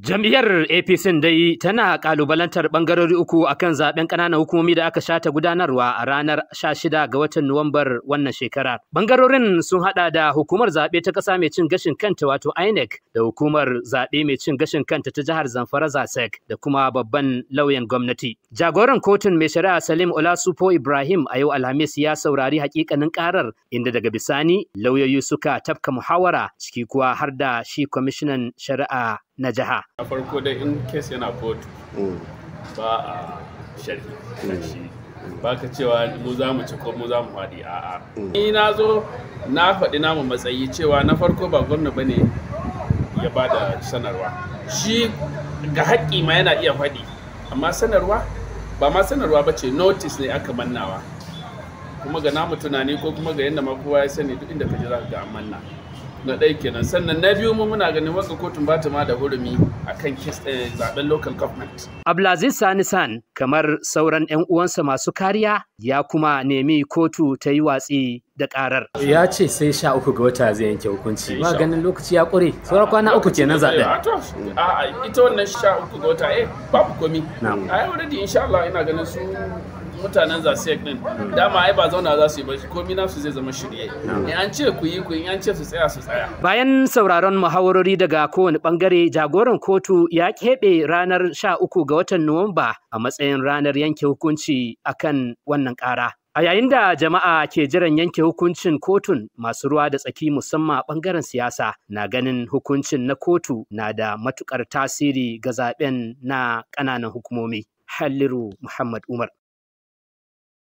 Jam'iyyar APC dai tana kalubalantar bangarori uku akan zaben ƙananan hukumomi da aka shata gudanarwa a ranar 16 ga watan Nuwambar wannan shekara. Bangarorin sun hada da hukumar zaɓe ta ƙasa mai cin gashin kanta wato INEC da hukumar zaɓe mai cin gashin kanta ta jihar Zamfara Zasek da kuma babban lauyan gwamnati. Jagoran kotun mai shari'a Salim Olasupo Ibrahim a yau Alhamis ya saurari hakikanin karar inda daga bisani lauyoyi suka tafka muhawara ciki kuwa har da shi kwamishinan shari'a na jiha. A farko dai in kes yana kotu mm. ba a sharhi mm. ba ka cewa mu za mu ci ko mu za mu faɗi a'a. Mm. Ni na zo na faɗi namu matsayi cewa na farko ba gwamna ba ne ya ba da sanarwa. Shi ga haƙƙi ma yana iya faɗi amma sanarwa ba ma sanarwa ba ce notice ne aka mannawa. kuma ga namu tunani ko kuma ga yadda ma kowa ya sani duk inda ka ji za ka ga manna na ɗaya kenan sannan na biyu mu muna ganin wasu kotun ba ta ma da hurumi a kan eh, zaben local government. Abdulaziz Sani San kamar sauran 'yan uwansa masu kariya ya kuma nemi kotu ta yi watsi da karar. Ya ce sai sha uku ga wata zai yanke hukunci. Ba ganin lokaci ya ƙure. Sauran kwana uku kenan zaɓe. Eh, a'a ita wannan sha uku ga wata eh babu komi. Na'am. A yau insha Allah ina ganin su mutanen zasek din dama ai ba zauna za su yi ba komai nasu zai zama shirye in an ce ku yi ku in an ce su tsaya su tsaya bayan sauraron muhawarori daga kowane bangare jagoran kotu ya keɓe ranar 13 ga watan nuwamba a matsayin ranar yanke hukunci akan wannan ƙara A yayin da jama'a ke jiran yanke hukuncin kotun masu ruwa da tsaki musamman a ɓangaren siyasa na ganin hukuncin na kotu na da matukar tasiri ga zaben na ƙananan hukumomi. Halliru Muhammad Umar.